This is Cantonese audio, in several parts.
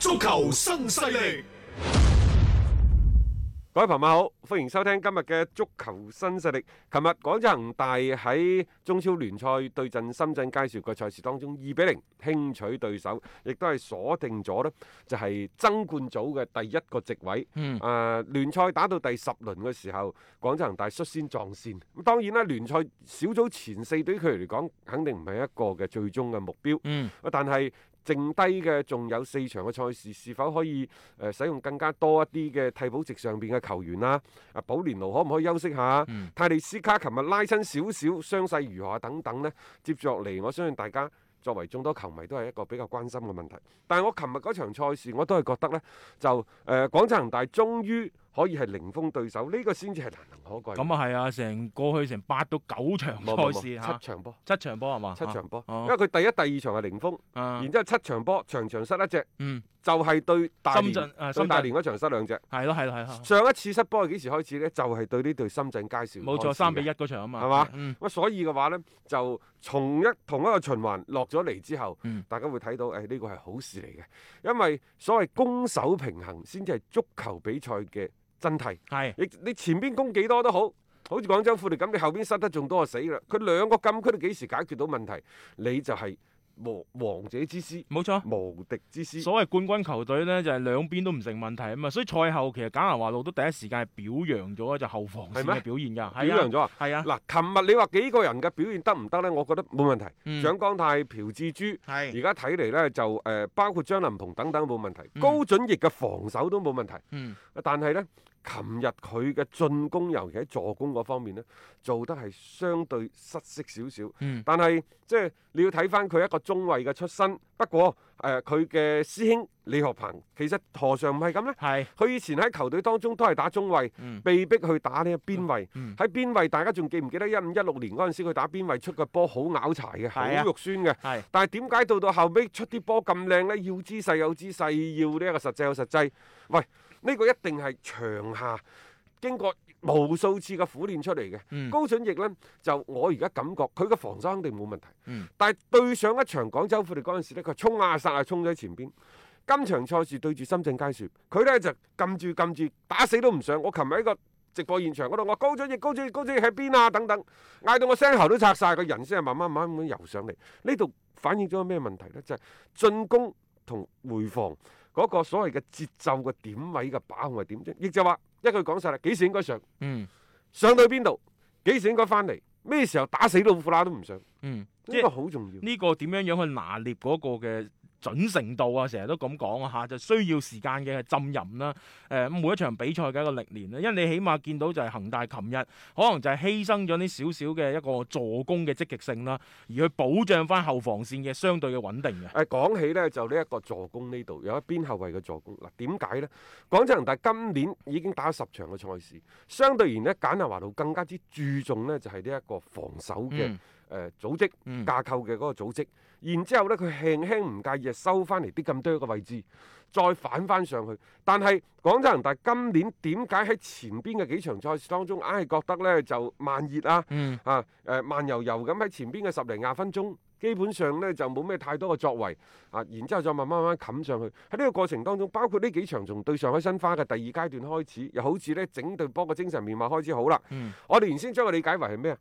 足球新勢力，各位朋友好，歡迎收聽今日嘅足球新勢力。琴日廣州恒大喺中超聯賽對陣深圳佳兆業嘅賽事當中，二比零輕取對手，亦都係鎖定咗呢，就係爭冠組嘅第一個席位。嗯，誒，聯賽打到第十輪嘅時候，廣州恒大率先撞線。咁當然啦，聯賽小組前四對於佢嚟講，肯定唔係一個嘅最終嘅目標。嗯，但係。剩低嘅仲有四場嘅賽事，是否可以誒、呃、使用更加多一啲嘅替補席上邊嘅球員啦、啊？阿、啊、保連奴可唔可以休息下？嗯、泰利斯卡琴日拉親少少，傷勢如何啊？等等呢？接住落嚟，我相信大家作為眾多球迷都係一個比較關心嘅問題，但係我琴日嗰場賽事，我都係覺得呢，就誒廣州恒大終於。可以係零封對手，呢、這個先至係難能可貴。咁啊係啊，成過去成八到九場賽事，七場波，七場波係嘛？啊、七場波，因為佢第一、第二場係零封，啊、然之後七場波，場場失一隻。嗯就係對大連，誒，啊、對大連嗰場失兩隻，係咯，係咯，係上一次失波係幾時開始咧？就係、是、對呢隊深圳佳兆業冇錯，三比一嗰場啊嘛。係嘛吧？咁、嗯、所以嘅話咧，就從一同一個循環落咗嚟之後，嗯、大家會睇到，誒、哎，呢、這個係好事嚟嘅。因為所謂攻守平衡先至係足球比賽嘅真諦。係的。你你前邊攻幾多都好，好似廣州富力咁，你後邊失得仲多就死啦！佢兩個禁區都幾時解決到問題？你就係、是。王者之師，冇錯，無敵之師。所謂冠軍球隊呢，就係、是、兩邊都唔成問題啊嘛。所以賽後其實簡拿華路都第一時間係表揚咗就後防嘅表現㗎，嗎表揚咗啊。係啊，嗱，琴日你話幾個人嘅表現得唔得呢？我覺得冇問題。嗯、蔣光太、朴志洙，係而家睇嚟呢，就誒、呃，包括張琳芃等等冇問題，嗯、高準翼嘅防守都冇問題。嗯，但係呢。琴日佢嘅進攻尤其喺助攻嗰方面呢，做得係相對失色少少。嗯、但係即係你要睇翻佢一個中衞嘅出身。不過誒，佢、呃、嘅師兄李學鵬其實何嘗唔係咁呢？佢是 以前喺球隊當中都係打中衞，嗯、被逼去打呢個邊衞，嗯，嗯。喺邊衞大家仲記唔記得一五一六年嗰陣時佢打邊衞出個波好拗柴嘅，好是、啊、肉酸嘅。是啊、但係點解到到後尾出啲波咁靚呢？要姿勢有姿勢，要呢一個實際，實際有實際。喂。呢個一定係場下經過無數次嘅苦練出嚟嘅。嗯、高準翼呢，就我而家感覺佢嘅防守肯定冇問題。嗯、但係對上一場廣州富力嗰陣時咧，佢衝啊殺啊衝咗喺前邊。今場賽事對住深圳佳兆業，佢呢就撳住撳住打死都唔上。我琴日喺個直播現場嗰度，我高準翼高準翼高準翼喺邊啊等等，嗌到我聲喉都拆晒。個人先係慢慢慢慢咁游上嚟。呢度反映咗咩問題呢？就係、是、進攻同回防。嗰個所謂嘅節奏嘅點位嘅把控係點啫？亦、這個、就話一句講晒啦，幾時應該上？嗯，上到去邊度？幾時應該翻嚟？咩時候打死老虎乸都唔上？嗯，呢個好重要。呢、這個點樣樣去拿捏嗰個嘅？準程度啊，成日都咁講啊嚇，就需要時間嘅浸淫啦。誒、呃，每一場比賽嘅一個歷練啦，因為你起碼見到就係恒大琴日可能就係犧牲咗呢少少嘅一個助攻嘅積極性啦，而去保障翻後防線嘅相對嘅穩定嘅。誒、啊，講起咧就呢一個助攻呢度有一邊後衞嘅助攻嗱，點、啊、解呢？廣州恒大今年已經打咗十場嘅賽事，相對而言咧，簡南華道更加之注重呢就係呢一個防守嘅誒、嗯呃、組織架構嘅嗰個組織。嗯然之後呢，佢輕輕唔介意收翻嚟啲咁多個位置，再反翻上去。但係廣州恒大今年點解喺前邊嘅幾場賽事當中硬係覺得呢就慢熱啊？嗯、啊誒、呃、慢悠悠咁喺前邊嘅十零廿分鐘，基本上呢就冇咩太多嘅作為啊。然之後再慢慢慢慢冚上去，喺呢個過程當中，包括呢幾場從對上海申花嘅第二階段開始，又好似呢整隊波嘅精神面貌開始好啦。嗯、我哋原先將佢理解為係咩？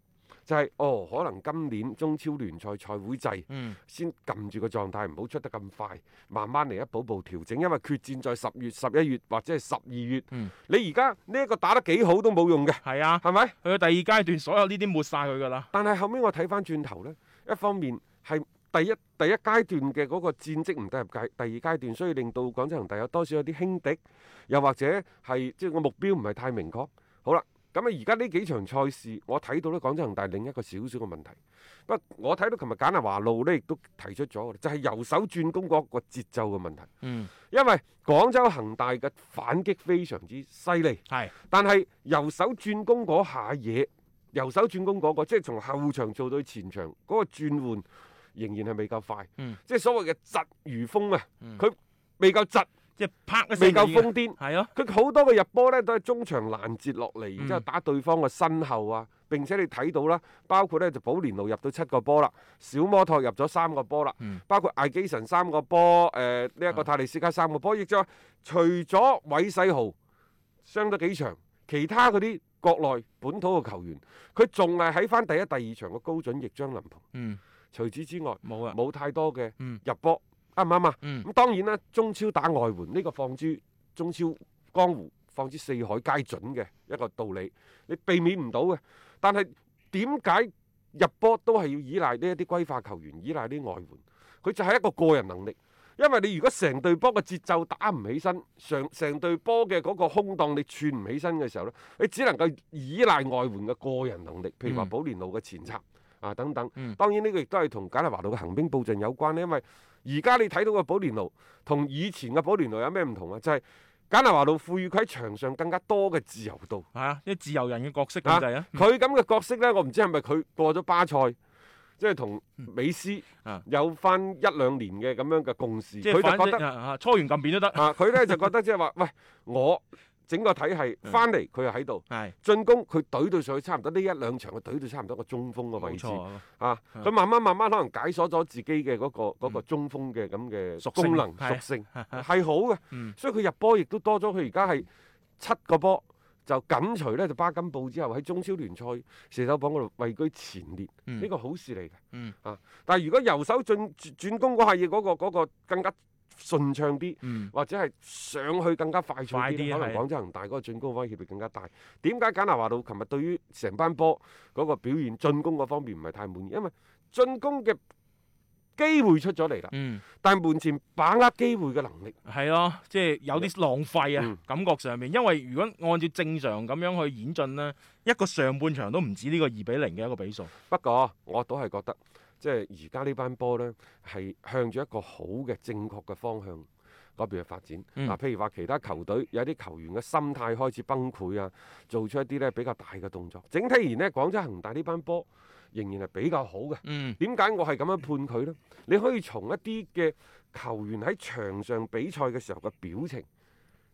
就係、是、哦，可能今年中超聯賽賽會制、嗯、先撳住個狀態，唔好出得咁快，慢慢嚟一步步調整。因為決戰在十月、十一月或者係十二月。嗯、你而家呢一個打得幾好都冇用嘅，係啊，係咪吧？去到第二階段，所有呢啲抹晒佢㗎啦。但係後尾我睇翻轉頭呢，一方面係第一第一階段嘅嗰個戰績唔計入界，第二階段需要令到廣州恒大有多少有啲輕敵，又或者係即係個目標唔係太明確。好啦。咁啊！而家呢幾場賽事，我睇到咧廣州恒大另一個少少嘅問題。不過，我睇到琴日簡大華路呢亦都提出咗，就係、是、由守轉攻嗰個節奏嘅問題。嗯。因為廣州恒大嘅反擊非常之犀利，係。但係由守轉攻嗰下嘢，由守轉攻嗰、那個，即、就、係、是、從後場做到前場嗰、那個轉換，仍然係未夠快。嗯、即係所謂嘅疾如風啊！佢未夠疾。即係未夠瘋癲。係咯的，佢好多嘅入波呢都係中場攔截落嚟，嗯、然之後打對方嘅身後啊。並且你睇到啦，包括呢，就保連奴入到七個波啦，小摩托入咗三個波啦，嗯、包括艾基神三個波，誒呢一個泰利斯卡三個波，亦即話除咗韋世豪傷咗幾場，其他嗰啲國內本土嘅球員，佢仲係喺翻第一、第二場嘅高準亦將林盤。嗯、除此之外冇啊，冇有太多嘅入波。嗯。啱唔啱啊？咁、嗯、當然啦，中超打外援呢、呢個放諸，中超江湖放諸四海皆準嘅一個道理，你避免唔到嘅。但係點解入波都係要依賴呢一啲歸化球員，依賴啲外援？佢就係一個個人能力。因為你如果成隊波嘅節奏打唔起身，成成隊波嘅嗰個空檔你串唔起身嘅時候咧，你只能夠依賴外援嘅個人能力，譬如話保連路嘅前插。嗯啊，等等，嗯、當然呢個亦都係同簡尼華路嘅行兵布陣有關咧，因為而家你睇到嘅保連奴同以前嘅保連奴有咩唔同啊？就係簡尼華路賦予佢喺場上更加多嘅自由度，係啊，即自由人嘅角色咁滯啊！佢咁嘅角色咧，我唔知係咪佢過咗巴塞，即係同美斯有翻一兩年嘅咁樣嘅共事，佢、嗯啊、就覺得、啊、初完禁變都得啊！佢咧就覺得即係話，喂我。整個體系翻嚟佢又喺度，嗯、進攻佢㨃到上去，差唔多呢一兩場佢㨃到差唔多個中鋒嘅位置，錯啊，佢、嗯、慢慢慢慢可能解鎖咗自己嘅嗰、那個、嗯、中鋒嘅咁嘅功能屬性係性是 好嘅，嗯、所以佢入波亦都多咗，佢而家係七個波就緊隨呢就巴金布之後喺中超聯賽射手榜嗰度位居前列，呢個、嗯、好事嚟嘅，啊，但係如果由守進轉攻嗰係嘢嗰個嗰、那個那個那個那個更加。順暢啲，嗯、或者係上去更加快速啲，可能廣州恒大嗰個進攻威脅會更加大。點解簡拿華路，琴日對於成班波嗰個表現、嗯、進攻嗰方面唔係太滿意？因為進攻嘅機會出咗嚟啦，嗯、但係門前把握機會嘅能力係咯，即係有啲浪費啊，的感覺上面。因為如果按照正常咁樣去演進呢，嗯、一個上半場都唔止呢個二比零嘅一個比數。不過我都係覺得。即係而家呢班波呢，係向住一個好嘅正確嘅方向嗰邊去發展。嗱、啊，譬如話其他球隊有啲球員嘅心態開始崩潰啊，做出一啲呢比較大嘅動作。整體而言咧，廣州恒大呢班波仍然係比較好嘅。點解、嗯、我係咁樣判佢呢？你可以從一啲嘅球員喺場上比賽嘅時候嘅表情，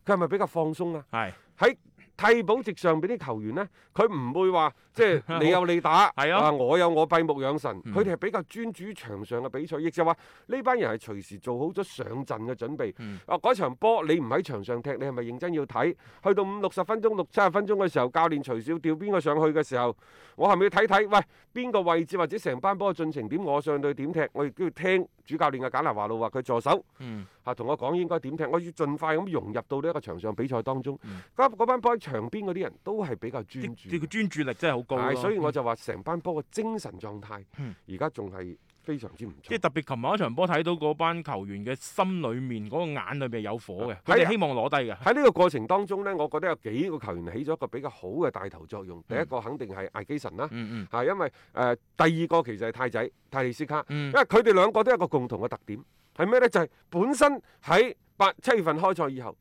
佢係咪比較放鬆啊？係喺。替補席上邊啲球員呢，佢唔會話即係你有你打，啊、 哦、我有我閉目養神。佢哋係比較專注於場上嘅比賽，亦、嗯、就話呢班人係隨時做好咗上陣嘅準備。嗯、啊，嗰場波你唔喺場上踢，你係咪認真要睇？去到五六十分鐘、六七十分鐘嘅時候，教練隨時要調邊個上去嘅時候，我係咪要睇睇？喂，邊個位置或者成班波嘅進程點？我上去點踢？我亦都要聽主教練嘅簡拿華路話佢助手。嗯啊，同我講應該點踢，我要盡快咁融入到呢一個場上比賽當中。嗰、嗯、班波喺場邊嗰啲人都係比較專注，佢專注力真係好高。所以我就話成班波嘅精神狀態，而家仲係非常之唔錯。即係特別琴晚一場波睇到嗰班球員嘅心裏面嗰、嗰個眼裏面有火嘅，佢哋、啊啊、希望攞低嘅。喺呢個過程當中呢，我覺得有幾個球員起咗一個比較好嘅帶頭作用。嗯、第一個肯定係艾基臣啦，係、嗯嗯、因為誒、呃、第二個其實係泰仔泰利斯卡，嗯、因為佢哋兩個都有一個共同嘅特點。係咩咧？就係、是、本身喺八七月份開賽以後，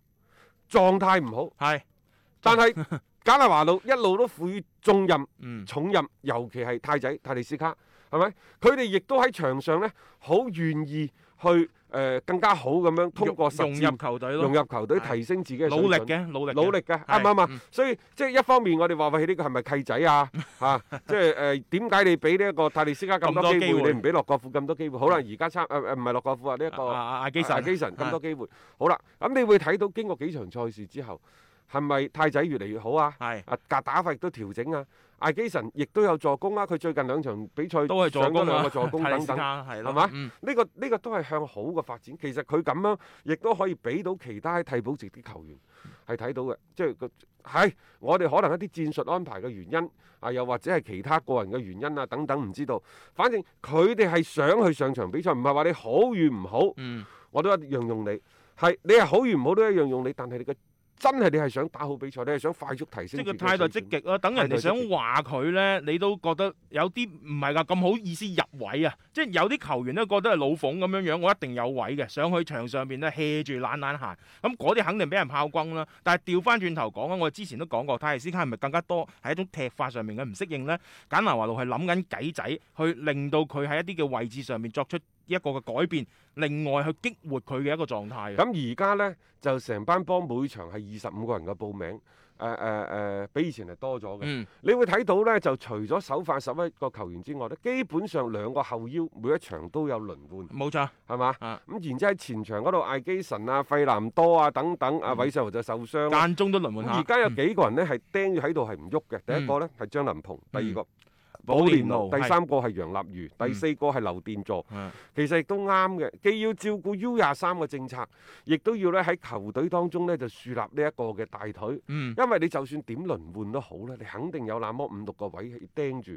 狀態唔好。係，但係簡尼華路一路都賦予重任、嗯、重任，尤其係太仔、泰利斯卡，係咪？佢哋亦都喺場上咧，好願意。去誒、呃、更加好咁樣通過實踐融入球隊，融入球隊啥 提升自己嘅水平。努力嘅，努力嘅，努力嘅。啱唔啱啊？所以即係一方面，我哋話喂，呢個係咪契仔啊？嚇，即係誒點解你俾呢一個泰利斯卡咁多機會，你唔俾洛國富咁多機會？好啦參，而家差誒誒唔係洛國富啊、這個，呢一個阿基神，阿基神咁多機會。好啦，咁你會睇到經過幾場賽事之後。係咪太仔越嚟越好啊？係啊是，格打法亦都調整啊。艾基臣亦都有助攻啊。佢最近兩場比賽上咗、啊、兩個助攻等等，係嘛？呢吧、嗯呢個呢、呢個都係向好嘅發展。其實佢咁樣亦都可以俾到其他替補席啲球員係睇到嘅。即係個係我哋可能一啲戰術安排嘅原因啊，又或者係其他個人嘅原因啊等等，唔知道。嗯、反正佢哋係想去上場比賽，唔係話你好與唔好。嗯、我都一樣用你。係你係好與唔好都一樣用你，但係你嘅。真係你係想打好比賽，你係想快速提升。即係個態度積極咯，啊，等人哋想話佢咧，你都覺得有啲唔係㗎，咁好意思入位啊！即係有啲球員都覺得係老馮咁樣樣，我一定有位嘅，上去場上邊咧 hea 住懶懶行，咁嗰啲肯定俾人炮轟啦。但係調翻轉頭講啊，我之前都講過，泰尼斯卡係咪更加多係一種踢法上面嘅唔適應咧？簡南華路係諗緊計仔去令到佢喺一啲嘅位置上面作出。一個嘅改變，另外去激活佢嘅一個狀態。咁而家呢，就成班幫每場係二十五個人嘅報名，誒誒比以前係多咗嘅。你會睇到呢，就除咗首發十一個球員之外咧，基本上兩個後腰每一場都有輪換。冇錯，係嘛？啊，咁然之後喺前場嗰度，艾基臣啊、費南多啊等等，阿韋世豪就受傷，間中都輪換下。咁而家有幾個人呢，係釘住喺度係唔喐嘅？第一個呢，係張林鵬，第二個，保連奴，第三個係楊立瑜，第四個係劉殿座，其實亦都啱嘅，既要照顧 U 廿三嘅政策，亦都要咧喺球隊當中呢就樹立呢一個嘅大腿，因為你就算點輪換都好咧，你肯定有那麼五六個位去釘住，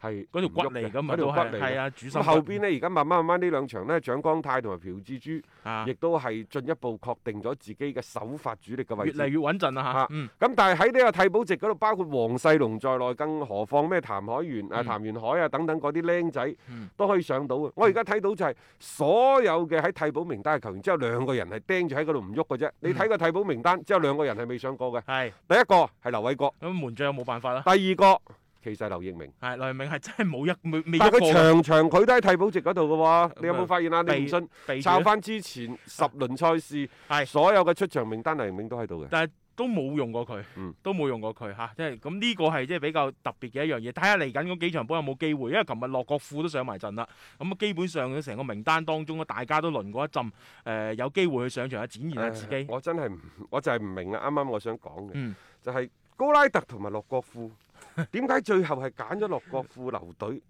係嗰條骨嚟㗎嘛，嗰條骨嚟㗎。後邊呢，而家慢慢慢慢呢兩場呢，蔣光太同埋朴志洙，亦都係進一步確定咗自己嘅首發主力嘅位置，越嚟越穩陣啦嚇。咁但係喺呢個替補席嗰度，包括黃世龍在內，更何況咩譚海源。誒、啊，譚元海啊，等等嗰啲僆仔都可以上到嘅。我而家睇到就係、是、所有嘅喺替補名單嘅球員，之後兩個人係釘住喺嗰度唔喐嘅啫。你睇個替補名單之後，兩個人係未上過嘅？係是，第一個係劉偉國。咁門將有冇辦法啦。第二個其實劉易明係劉易明係真係冇一，但係佢場場佢都喺替補席嗰度嘅喎。你有冇發現啊？你唔信，查翻之前十輪賽事，是是所有嘅出場名單，劉易明都喺度嘅。都冇用過佢，都冇用過佢吓，即係咁呢個係即係比較特別嘅一樣嘢。睇下嚟緊嗰幾場波有冇機會，因為琴日洛國富都上埋陣啦。咁啊，基本上佢成個名單當中啊，大家都輪過一陣，誒、呃、有機會去上場去展現下自己。呃、我真係唔，我就係唔明啊！啱啱我想講嘅，嗯、就係高拉特同埋洛國富點解最後係揀咗洛國富留隊？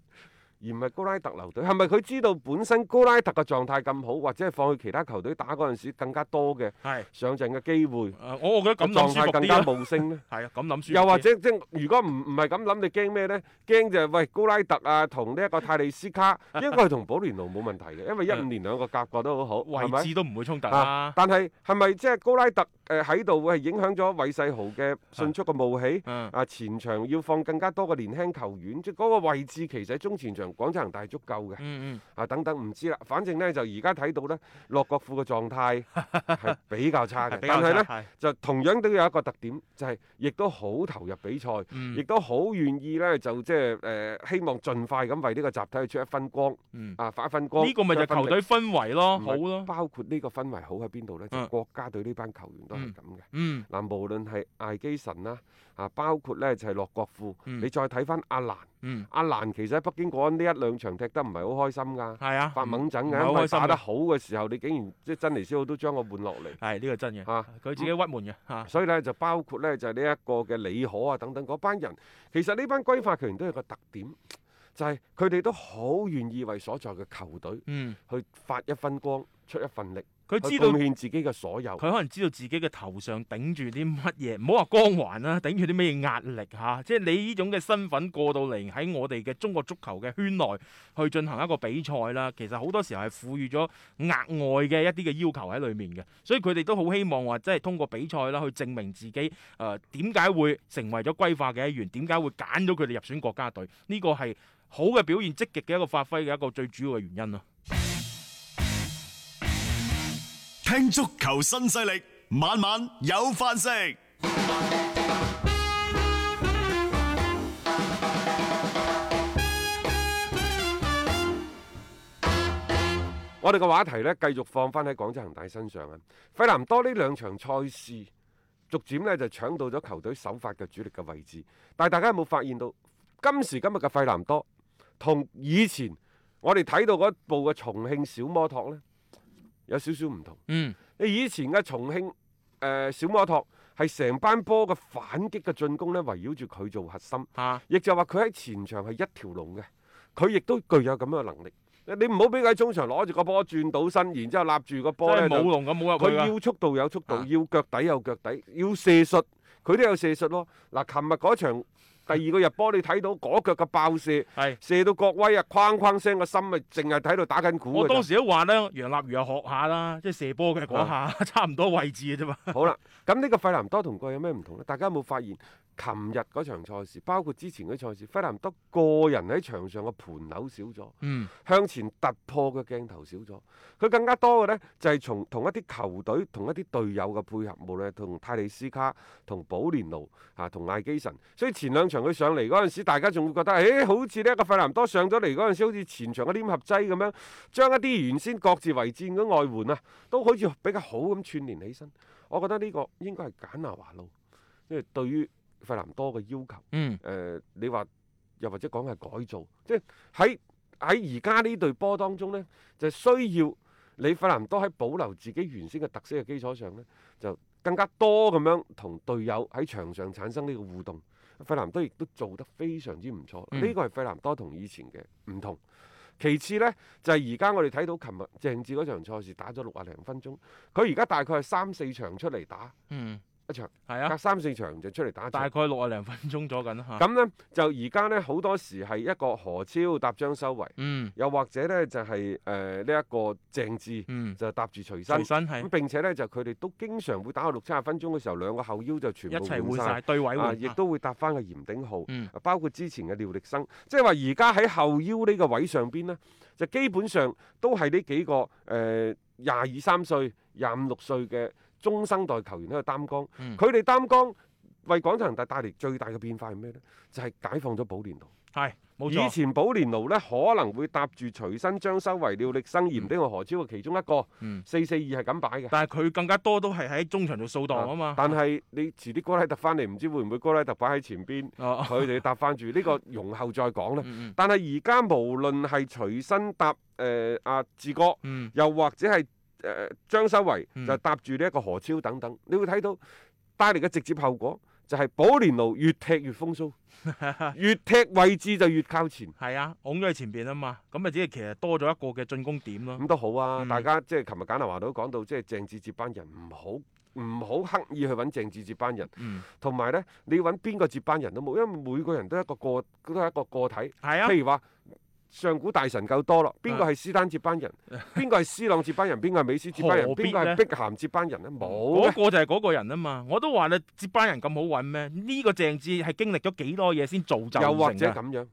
而唔係高拉特留隊，係咪佢知道本身高拉特嘅狀態咁好，或者係放去其他球隊打嗰陣時更加多嘅上陣嘅機會？呃、我我覺得咁諗先狀態更加冇聲呢？係啊，咁諗先。又或者即係、就是、如果唔唔係咁諗，你驚咩呢？驚就係、是、喂高拉特啊，同呢一個泰利斯卡 應該係同保連奴冇問題嘅，因為一五年兩個夾過都好好，嗯、是是位置都唔會衝突啦、啊啊。但係係咪即係高拉特？誒喺度會係影響咗韋世豪嘅迅速嘅冒起，啊前場要放更加多嘅年輕球員，即係嗰個位置其實喺中前場廣州恒大係足夠嘅，啊等等唔知啦。反正咧就而家睇到咧，洛國富嘅狀態係比較差嘅，但係咧就同樣都有一個特點，就係亦都好投入比賽，亦都好願意咧就即係誒希望盡快咁為呢個集體去出一分光，啊發一分光。呢個咪就係球隊氛圍咯，好咯。包括呢個氛圍好喺邊度咧？就國家隊呢班球員都。咁嘅，嗱，無論係艾基臣啦，啊，包括咧就係洛國富，你再睇翻阿蘭，阿蘭其實喺北京國安呢一兩場踢得唔係好開心噶，係啊，發猛陣嘅，打得好嘅時候，你竟然即係珍妮斯浩都將我換落嚟，係呢個真嘅，嚇佢自己鬱悶嘅。所以咧就包括咧就係呢一個嘅李可啊等等嗰班人，其實呢班歸化球員都有個特點，就係佢哋都好願意為所在嘅球隊去發一分光出一分力。佢知道自己嘅所有，佢可能知道自己嘅頭上頂住啲乜嘢，唔好話光環啦、啊，頂住啲咩壓力吓、啊，即係你呢種嘅身份過到嚟喺我哋嘅中國足球嘅圈內去進行一個比賽啦、啊，其實好多時候係賦予咗額外嘅一啲嘅要求喺裏面嘅，所以佢哋都好希望話即係通過比賽啦去證明自己。誒點解會成為咗歸化嘅一員，點解會揀咗佢哋入選國家隊呢、這個係好嘅表現積極嘅一個發揮嘅一個最主要嘅原因咯、啊。聽足球新勢力，晚晚有飯食。我哋嘅話題咧，繼續放翻喺廣州恒大身上啊！費南多呢兩場賽事，逐漸呢就搶到咗球隊首發嘅主力嘅位置。但係大家有冇發現到，今時今日嘅費南多，同以前我哋睇到嗰部嘅重慶小摩托呢？有少少唔同。嗯，你以前嘅重慶誒、呃、小摩托係成班波嘅反擊嘅進攻呢，圍繞住佢做核心。亦、啊、就話佢喺前場係一條龍嘅，佢亦都具有咁樣嘅能力。你唔好俾佢喺中場攞住個波轉到身，然之後立住個波咧就，佢要速度有速度，啊、要腳底有腳底，要射術佢都有射術咯。嗱、啊，琴日嗰場。第二個入波，你睇到嗰腳嘅爆射，係是射到國威啊，框框聲個心咪淨係睇到打緊鼓。我當時都話咧，楊立瑜又學下啦，即係射波嘅講下，是差唔多位置嘅啫嘛。 好啦，咁呢個費南多個同佢有咩唔同咧？大家有冇發現？琴日嗰場賽事，包括之前嘅啲賽事，費南多個人喺場上嘅盤扭少咗，嗯、向前突破嘅鏡頭少咗。佢更加多嘅呢，就係、是、從同一啲球隊同一啲隊友嘅配合，無論係，同泰利斯卡、同保連奴啊、同艾基神。所以前兩場佢上嚟嗰陣時，大家仲會覺得，誒、欸、好似呢一個費南多上咗嚟嗰陣時，好似前場嘅黏合劑咁樣，將一啲原先各自為戰嘅外援啊，都好似比較好咁串連起身。我覺得呢個應該係簡拿華路，即係對於費南多嘅要求，誒、嗯呃，你話又或者講係改造，即係喺喺而家呢隊波當中呢，就需要你費南多喺保留自己原先嘅特色嘅基礎上呢，就更加多咁樣同隊友喺場上產生呢個互動。費南多亦都做得非常之唔錯，呢、嗯、個係費南多同以前嘅唔同。其次呢，就係而家我哋睇到琴日鄭智嗰場賽事打咗六啊零分鐘，佢而家大概係三四場出嚟打。嗯場係啊，隔三四場就出嚟打，大概六十零分鐘左右咁呢，就而家呢，好多時係一個何超搭張修維，嗯，又或者呢就係誒呢一個鄭智，就搭住隨身，咁並且呢，就佢哋都經常會打到六七十分鐘嘅時候，兩個後腰就全部換晒，對位亦都會搭翻個嚴鼎皓，包括之前嘅廖力生，即係話而家喺後腰呢個位上邊呢，就基本上都係呢幾個誒廿二三歲、廿五六歲嘅。中生代球員喺度擔綱，佢哋擔綱為廣州恒大帶嚟最大嘅變化係咩呢？就係解放咗保連奴，係冇錯。以前保連奴呢，可能會搭住隨身將修，為廖力生嚴丁和何超嘅其中一個，四四二係咁擺嘅。但係佢更加多都係喺中場度掃蕩啊嘛。但係你遲啲哥拉特翻嚟，唔知會唔會哥拉特擺喺前邊，佢哋搭翻住呢個容後再講咧。但係而家無論係隨身搭誒阿智哥，又或者係。誒，張修維就搭住呢一個何超等等，嗯、你會睇到帶嚟嘅直接後果就係保蓮奴越踢越風騷， 越踢位置就越靠前。係啊，拱咗喺前邊啊嘛，咁啊只係其實多咗一個嘅進攻點咯。咁都好啊，嗯、大家即係琴日簡立華都講到，即係政治接班人唔好唔好刻意去揾政治接班人，同埋咧你揾邊個接班人都冇，因為每個人都係一個個都係一個個體。係啊。譬如話。上古大神夠多啦，邊個係斯丹接班人？邊個係斯朗接班人？邊個係美斯接班人？邊個係碧咸接班人咧？冇嗰個就係嗰個人啊嘛！我都話你接班人咁好揾咩？呢、呢個鄭智係經歷咗幾多嘢先造就又或者咁樣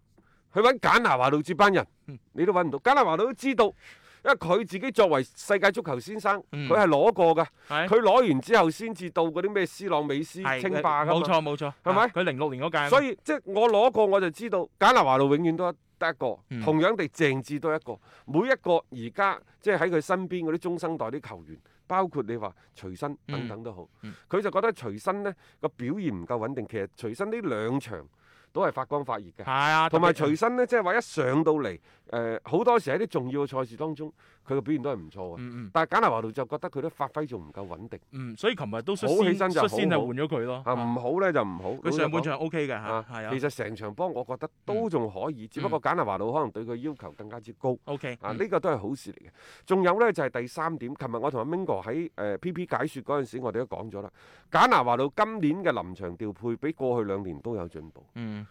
去揾簡拿華路接班人，嗯、你都揾唔到。簡拿華路都知道，因為佢自己作為世界足球先生，佢係攞過㗎。佢攞嗎完之後先至到嗰啲咩斯朗、美斯稱霸。冇錯冇錯，係咪？佢零六年嗰屆。所以即係我攞過我就知道，簡拿華路永遠都得一個，嗯、同樣地鄭智都一個。每一個而家即係喺佢身邊嗰啲中生代啲球員，包括你話徐新等等都好，佢、嗯嗯、就覺得徐新呢個表現唔夠穩定。其實徐新呢兩場都係發光發熱嘅，同埋徐新呢即係話一上到嚟，誒、呃、好多時喺啲重要嘅賽事當中。佢嘅表現都係唔錯嘅，但係簡拿華路就覺得佢都發揮仲唔夠穩定。嗯，所以琴日都出先出先係換咗佢咯。嚇，唔好咧就唔好。佢上半場 OK 嘅嚇，係啊。其實成場波我覺得都仲可以，只不過簡拿華路可能對佢要求更加之高。OK，啊呢個都係好事嚟嘅。仲有咧就係第三點，琴日我同阿 Mingo 喺誒 PP 解説嗰陣時，我哋都講咗啦，簡拿華路今年嘅臨場調配比過去兩年都有進步。嗯。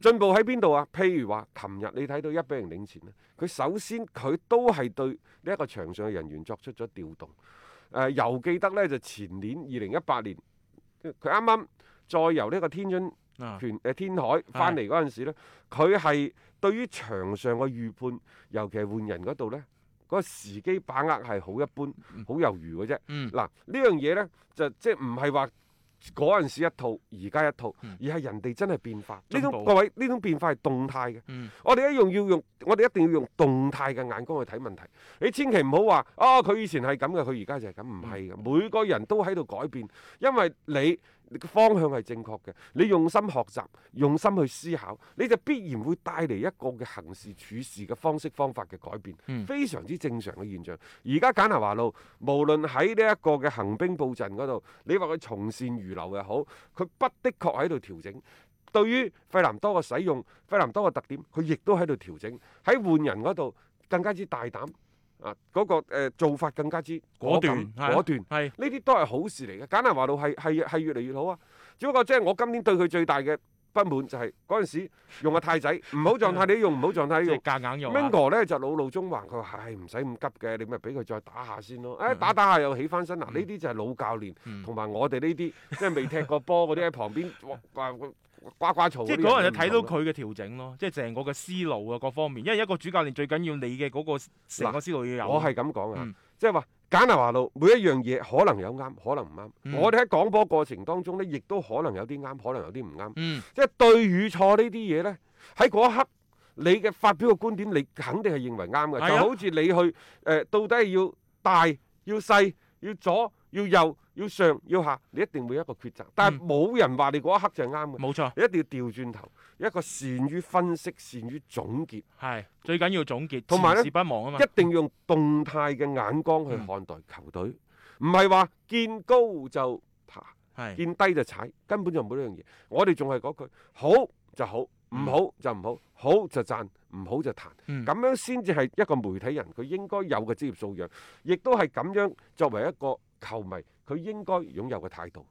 進步喺邊度啊？譬如話，琴日你睇到一比零領前咧，佢首先佢都係對呢一個場上嘅人員作出咗調動。誒、呃，又記得呢，就前年二零一八年，佢啱啱再由呢一個天津權誒、啊呃、天海翻嚟嗰陣時咧，佢係、啊、對於場上嘅預判，尤其係換人嗰度呢，嗰、那個時機把握係好一般，好猶豫嘅啫。嗱，呢、嗯、樣嘢呢，就即係唔係話。嗰陣時一套，而家一套，而係人哋真係變化。呢種各位呢種變化係動態嘅。嗯、我哋一樣要用，我哋一定要用動態嘅眼光去睇問題。你千祈唔好話哦，佢以前係咁嘅，佢而家就係咁，唔係嘅。嗯、每個人都喺度改變，因為你。你個方向係正確嘅，你用心學習，用心去思考，你就必然會帶嚟一個嘅行事處事嘅方式方法嘅改變，嗯、非常之正常嘅現象。而家簡拿華路無論喺呢一個嘅行兵布陣嗰度，你話佢從善如流又好，佢不的確喺度調整。對於費南多嘅使用，費南多嘅特點，佢亦都喺度調整喺換人嗰度更加之大膽。啊！嗰、那個、呃、做法更加之果斷，果斷係呢啲都係好事嚟嘅。簡單話到係係係越嚟越好啊！只不過即係我今年對佢最大嘅不滿就係嗰陣時用個太仔唔好狀態，你用唔好狀態用。夾硬用。Mingo 咧就老路中環，佢話係唔使咁急嘅，你咪俾佢再打下先咯。誒、哎、打打下又起翻身啊！呢啲、嗯嗯、就係老教練同埋、嗯、我哋呢啲即係未踢過波嗰啲喺旁邊呱呱嘈，即係嗰個人睇到佢嘅調整咯，即係成個嘅思路啊，各方面。因為一個主教練最緊要你嘅嗰個成個思路要有。我係咁講啊，嗯、即係話簡拿華路每一樣嘢可能有啱，可能唔啱。嗯、我哋喺講波過程當中咧，亦都可能有啲啱，可能有啲唔啱。嗯、即係對與錯呢啲嘢咧，喺嗰一刻你嘅發表嘅觀點，你肯定係認為啱嘅。是啊、就好似你去誒、呃，到底係要大要細要左。要右要上要下，你一定會有一個抉擇，嗯、但係冇人話你嗰一刻就係啱嘅。冇錯錯，你一定要調轉頭，一個善於分析、善於總結係最緊要總結，同埋呢一定用動態嘅眼光去看待球隊，唔係話見高就爬，係、嗯、見低就踩，是根本就冇呢樣嘢。我哋仲係嗰句好就好，唔、嗯、好就唔好，好就讚，唔好就彈，咁、嗯、樣先至係一個媒體人佢應該有嘅職業素養，亦都係咁樣作為一個。球迷佢應該擁有嘅態度。